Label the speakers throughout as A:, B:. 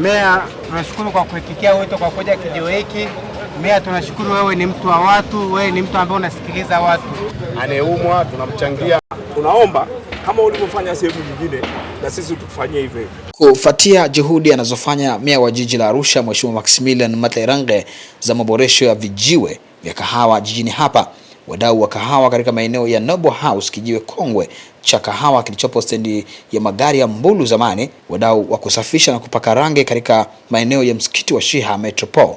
A: Meya, tunashukuru kwa kuitikia wito kwa kuja kijio hiki. Meya, tunashukuru wewe ni mtu wa watu, wewe ni mtu ambaye unasikiliza watu.
B: Anayeumwa tunamchangia, tunaomba kama ulivyofanya sehemu nyingine na sisi tukufanyie hivyo hivyo.
C: Kufuatia juhudi anazofanya meya wa jiji la Arusha Mheshimiwa Maximilian Materange za maboresho ya vijiwe vya kahawa jijini hapa Wadau wa kahawa katika maeneo ya Noble House, kijiwe kongwe cha kahawa kilichopo stendi ya magari ya Mbulu zamani, wadau wa kusafisha na kupaka rangi katika maeneo ya msikiti wa Shiha Metropole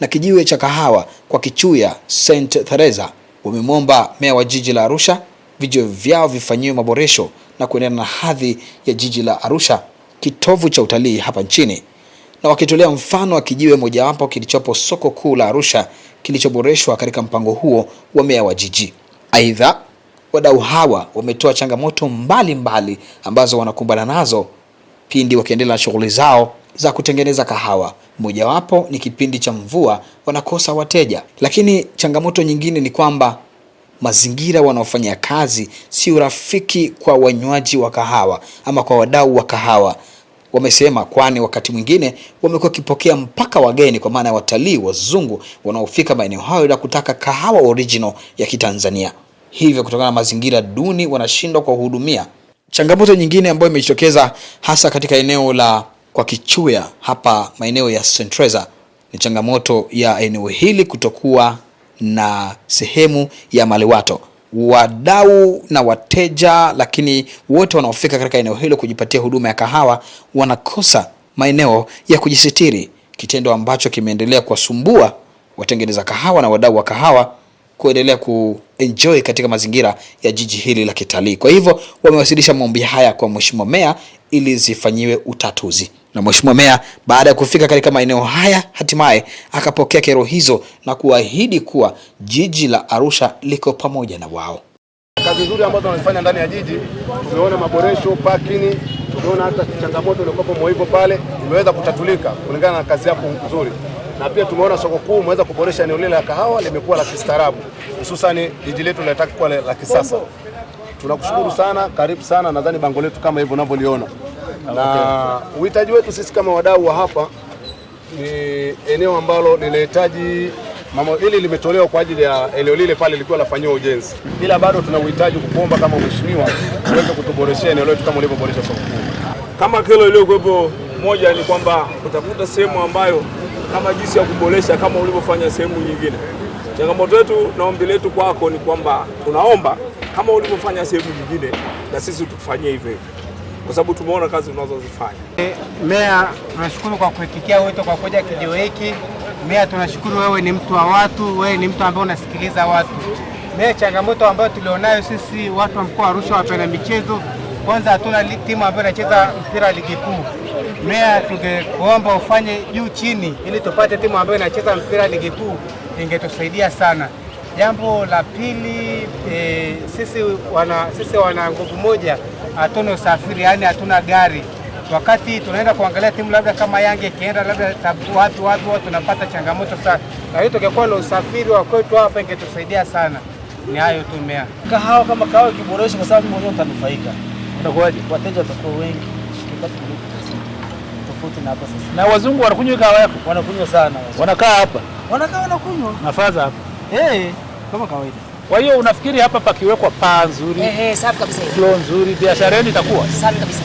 C: na kijiwe cha kahawa kwa Kichuya St Theresa wamemwomba meya wa jiji la Arusha vijiwe vyao vifanyiwe maboresho na kuendana na hadhi ya jiji la Arusha, kitovu cha utalii hapa nchini, na wakitolea mfano wa kijiwe mojawapo kilichopo soko kuu la Arusha kilichoboreshwa katika mpango huo wa meya wa jiji. Aidha, wadau hawa wametoa changamoto mbalimbali mbali ambazo wanakumbana nazo pindi wakiendelea na shughuli zao za kutengeneza kahawa. Mojawapo ni kipindi cha mvua wanakosa wateja, lakini changamoto nyingine ni kwamba mazingira wanaofanya kazi si urafiki kwa wanywaji wa kahawa ama kwa wadau wa kahawa wamesema, kwani wakati mwingine wamekuwa wakipokea mpaka wageni, kwa maana ya watalii wazungu wanaofika maeneo hayo na kutaka kahawa original ya Kitanzania, hivyo kutokana na mazingira duni wanashindwa kuwahudumia. Changamoto nyingine ambayo imejitokeza hasa katika eneo la kwa Kichuya hapa maeneo ya Sentreza ni changamoto ya eneo hili kutokuwa na sehemu ya maliwato wadau na wateja, lakini wote wanaofika katika eneo hilo kujipatia huduma ya kahawa wanakosa maeneo ya kujisitiri, kitendo ambacho kimeendelea kuwasumbua watengeneza kahawa na wadau wa kahawa kuendelea kuenjoy katika mazingira ya jiji hili la kitalii. Kwa hivyo wamewasilisha maombi haya kwa Mheshimiwa mea ili zifanyiwe utatuzi. Na mheshimiwa meya baada ya kufika katika maeneo haya hatimaye akapokea kero hizo na kuahidi kuwa jiji la Arusha liko pamoja na wao.
B: Kazi nzuri ambazo wanazifanya ndani ya jiji, tumeona maboresho parking, tumeona hata changamoto iliyokuwa Moivo pale imeweza kutatulika kulingana na kazi yako nzuri, na pia tumeona soko kuu umeweza kuboresha eneo lile la kahawa limekuwa la kistaarabu, hususan jiji letu linataka kuwa la kisasa. Tunakushukuru sana, karibu sana. Nadhani bango letu kama hivyo unavyoliona na uhitaji wetu sisi kama wadau wa hapa ni eneo ambalo linahitaji mama, hili limetolewa kwa ajili ya eneo lile pale lilikuwa linafanyiwa ujenzi, ila bado tuna uhitaji kukuomba kama mheshimiwa uweze kutuboreshea eneo letu kama ulivyoboresha soko kama kero iliyokuwepo moja ni kwamba kutafuta sehemu ambayo kama jinsi ya kuboresha kama ulivyofanya sehemu nyingine. Changamoto yetu na ombi letu kwako ni kwamba tunaomba kama ulivyofanya sehemu nyingine, na sisi tukufanyie hivyo hivyo kwa sababu tumeona kazi unazozifanya.
A: Eh, Meya, tunashukuru kwa kuitikia wito kwa kuja kijio hiki. Meya, tunashukuru wewe ni mtu wa watu, wewe ni mtu ambaye unasikiliza watu. Meya, changamoto ambayo tulionayo sisi watu wa mkoa wa Arusha wapenda michezo, kwanza hatuna timu ambayo inacheza mpira wa ligi kuu. Meya, tungekuomba ufanye juu chini ili tupate timu ambayo inacheza mpira wa ligi kuu, ingetusaidia sana. Jambo la pili, e, sisi wana sisi wana nguvu moja hatuna usafiri, yani hatuna gari. Wakati tunaenda kuangalia timu labda kama Yanga ikienda labda watu watu tunapata changamoto sana, na hiyo tungekuwa na usafiri wa kwetu hapa ingetusaidia sana. Ni hayo tu mea
D: kahawa, kama kahawa ikiboreshwa, kwa sababu mwenyewe utanufaika, wateja watakuwa wengi tofauti na hapa sasa.
A: Na wazungu wanakunywa kahawa yako?
D: Wanakunywa sana, wanakaa hapa, wanakaa wanakunywa nafaza hapa, hey, eh, kama kawaida.
A: Kwa hiyo unafikiri hapa pakiwekwa paa nzuri,
D: eh, safi kabisa,
A: flow nzuri, biashara yenu itakuwa safi kabisa,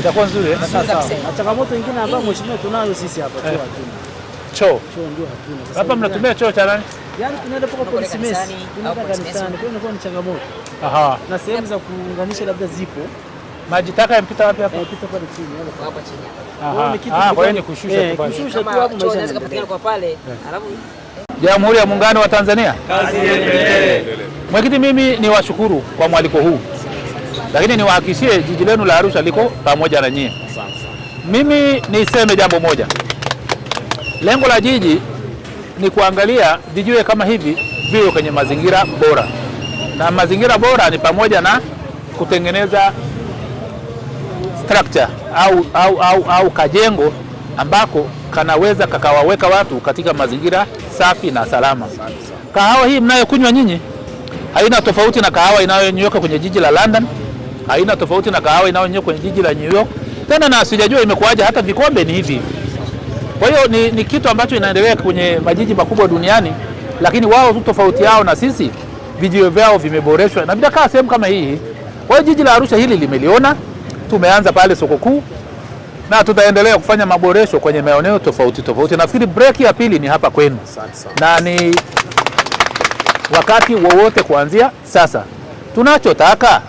A: itakuwa nzuri. eh,
D: safi kabisa. Na changamoto nyingine ambayo mheshimiwa tunayo sisi hapa tu eh. hatuna choo, choo ndio hatuna
A: hapa. Mnatumia choo cha nani?
D: Yaani tunaenda paka polisi mesi, tunaenda kanisani, kwa hiyo inakuwa ni changamoto. Aha, na sehemu za kuunganisha labda zipo
A: maji taka yanapita wapi hapa?
D: Yanapita eh, pale chini hapo hapa
A: chini. hapa. Aha, kwa hiyo ni kushusha
D: tu eh, pale, kushusha tu hapo
E: maji yanapita kwa pale, alafu
A: Jamhuri ya Muungano wa Tanzania.
F: Kazi iendelee.
A: Mwenyekiti, mimi ni washukuru kwa mwaliko huu, lakini niwahakishie jiji lenu la Arusha liko pamoja na nyie. Mimi niseme jambo moja, lengo la jiji ni kuangalia vijiwe kama hivi viwe kwenye mazingira bora, na mazingira bora ni pamoja na kutengeneza structure au, au, au, au kajengo ambako kanaweza kakawaweka watu katika mazingira safi na salama. Kahawa hii mnayokunywa nyinyi haina tofauti na kahawa inayonyweeka kwenye jiji la London, haina tofauti na kahawa inayonyweeka kwenye jiji la New York tena, na sijajua imekuwaje hata vikombe ni hivi. Kwa hiyo ni, ni kitu ambacho inaendelea kwenye majiji makubwa duniani, lakini wao tu tofauti yao na sisi, vijio vyao vimeboreshwa na vinakaa sehemu kama hii. Kwa hiyo jiji la Arusha hili limeliona, tumeanza pale soko kuu na tutaendelea kufanya maboresho kwenye maeneo tofauti tofauti. Nafikiri break ya pili ni hapa kwenu, na ni wakati wowote kuanzia sasa. Tunachotaka,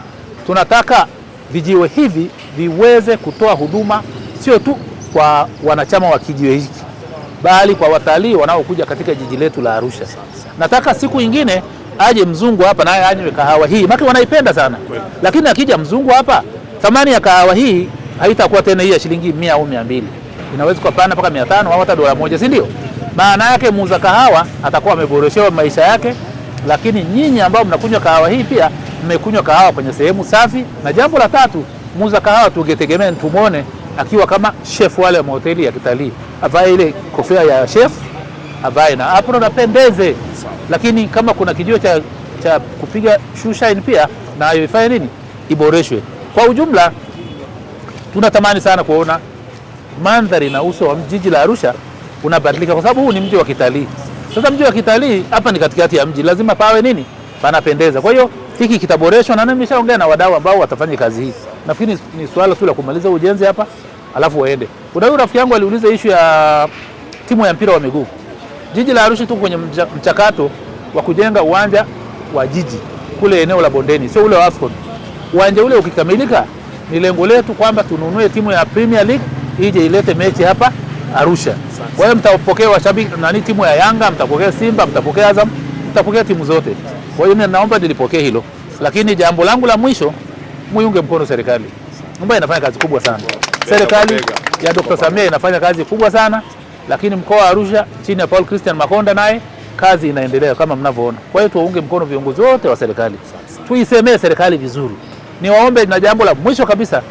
A: tunataka vijiwe hivi viweze kutoa huduma sio tu kwa wanachama wa kijiwe hiki, bali kwa watalii wanaokuja katika jiji letu la Arusha. Nataka siku ingine aje mzungu hapa naye anywe kahawa hii, maki wanaipenda sana, lakini akija mzungu hapa thamani ya kahawa hii haitakuwa tena hii ya shilingi mia au mia mbili inaweza kupanda mpaka mia tano au hata dola moja, si ndio? Maana yake muuza kahawa atakuwa ameboreshewa maisha yake, lakini nyinyi ambao mnakunywa kahawa hii pia mmekunywa kahawa kwenye sehemu safi. Na jambo la tatu, muuza kahawa tungetegemea tumwone akiwa kama chef wale wa mahoteli ya kitalii, avae ile kofia ya chef, avae na apron, apendeze. Lakini kama kuna kijio cha, cha kupiga shoeshine pia, na ifanye nini, iboreshwe kwa ujumla tunatamani sana kuona mandhari na uso wa jiji la Arusha unabadilika, kwa sababu huu ni mji wa kitalii. Sasa mji wa kitalii hapa ni katikati ya mji, lazima pawe nini, panapendeza. Kwa hiyo hiki kitaboreshwa, na nimeshaongea na wadau ambao watafanya kazi hii. Nafikiri ni swala tu la kumaliza ujenzi hapa, alafu waende. Kuna huyu rafiki yangu aliuliza ishu ya timu ya mpira wa miguu. Jiji la Arusha tu kwenye mchakato wa kujenga uwanja wa jiji kule eneo la Bondeni, sio ule wa Afcon. Uwanja ule ukikamilika ni lengo letu kwamba tununue timu ya Premier League ije ilete mechi hapa Arusha. Kwa hiyo mtapokea washabiki nani, timu ya Yanga, mtapokea Simba, mtapokea Azam, mtapokea timu zote. Kwa hiyo naomba nilipokee hilo, lakini jambo langu la mwisho, muiunge mkono serikali ambayo inafanya kazi kubwa sana. Serikali ya Dr. Samia inafanya kazi kubwa sana, lakini mkoa wa Arusha chini ya Paul Christian Makonda naye kazi inaendelea kama mnavyoona. Kwa hiyo tuwaunge mkono viongozi wote wa serikali, tuisemee serikali vizuri niwaombe, na jambo la mwisho kabisa,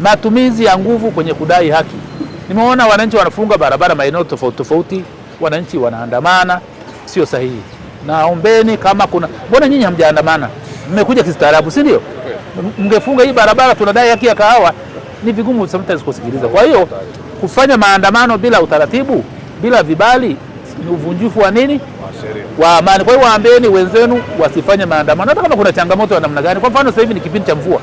A: matumizi ya nguvu kwenye kudai haki. Nimeona wananchi wanafunga barabara maeneo tofauti tofauti, wananchi wanaandamana, sio sahihi. Naombeni kama kuna, mbona nyinyi hamjaandamana? Mmekuja kistaarabu, si ndio? Mngefunga hii barabara, tunadai haki ya kahawa. Ni vigumu sometimes kusikiliza. Kwa hiyo kufanya maandamano bila utaratibu, bila vibali, ni uvunjifu wa nini? wa amani. Kwa hiyo waambieni wenzenu wasifanye maandamano, hata kama kuna changamoto ya namna gani. Kwa mfano sasa hivi ni kipindi cha mvua,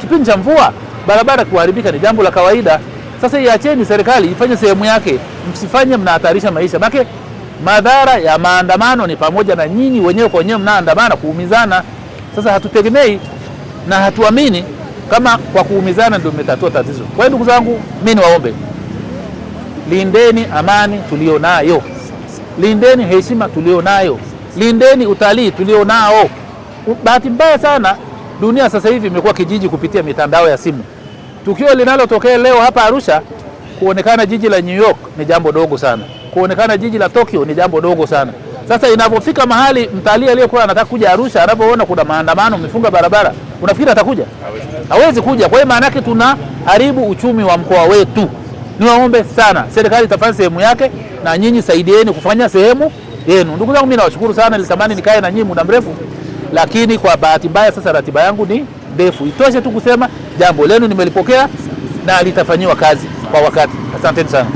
A: kipindi cha mvua barabara kuharibika ni jambo la kawaida. Sasa iacheni serikali ifanye sehemu yake, msifanye mnahatarisha maisha make. Madhara ya maandamano ni pamoja na nyinyi wenyewe kwa wenyewe mnaandamana kuumizana. Sasa hatutegemei na hatuamini kama kwa kuumizana ndio mmetatua tatizo. Kwa hiyo ndugu zangu, mimi niwaombe, lindeni amani tuliyonayo lindeni heshima tulionayo, lindeni utalii tulionao. Bahati mbaya sana, dunia sasa hivi imekuwa kijiji kupitia mitandao ya simu. Tukio linalotokea leo hapa Arusha, kuonekana jiji la New York ni jambo dogo sana, kuonekana jiji la Tokyo ni jambo dogo sana. Sasa inapofika mahali mtalii aliyekuwa anataka kuja Arusha anapoona kuna maandamano, mifunga barabara, unafikiri atakuja? Hawezi kuja. Kwa hiyo maana yake tuna haribu uchumi wa mkoa wetu. Niwaombe sana, serikali itafanya sehemu yake na nyinyi saidieni kufanya sehemu yenu. Ndugu zangu, mimi nawashukuru sana, nilitamani nikae na nyinyi muda mrefu, lakini kwa bahati mbaya sasa ratiba yangu ni ndefu. Itoshe tu kusema jambo lenu nimelipokea na litafanyiwa kazi kwa wakati. Asanteni sana.